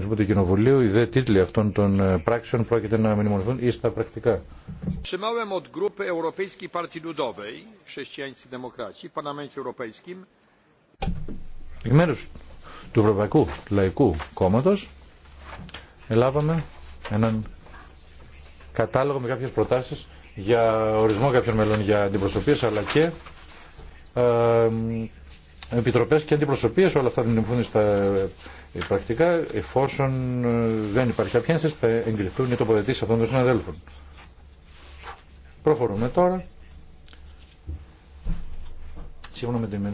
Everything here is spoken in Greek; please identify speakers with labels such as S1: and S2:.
S1: του Κοινοβουλίου, οι δε τίτλοι αυτών των ε, πράξεων πρόκειται να μνημονηθούν ή στα πρακτικά. Εκ μέρου του Ευρωπαϊκού Λαϊκού Κόμματο, ελάβαμε έναν κατάλογο με κάποιε προτάσει για ορισμό κάποιων μελών για αντιπροσωπείε, αλλά και ε, επιτροπέ και αντιπροσωπείε. Όλα αυτά δημιουργούν στα ε, ε, πρακτικά εφόσον ε, δεν υπάρχει απιένσεις θα εγκριθούν οι τοποθετήσει αυτών των συναδέλφων. Προχωρούμε τώρα. Σύμφωνα με την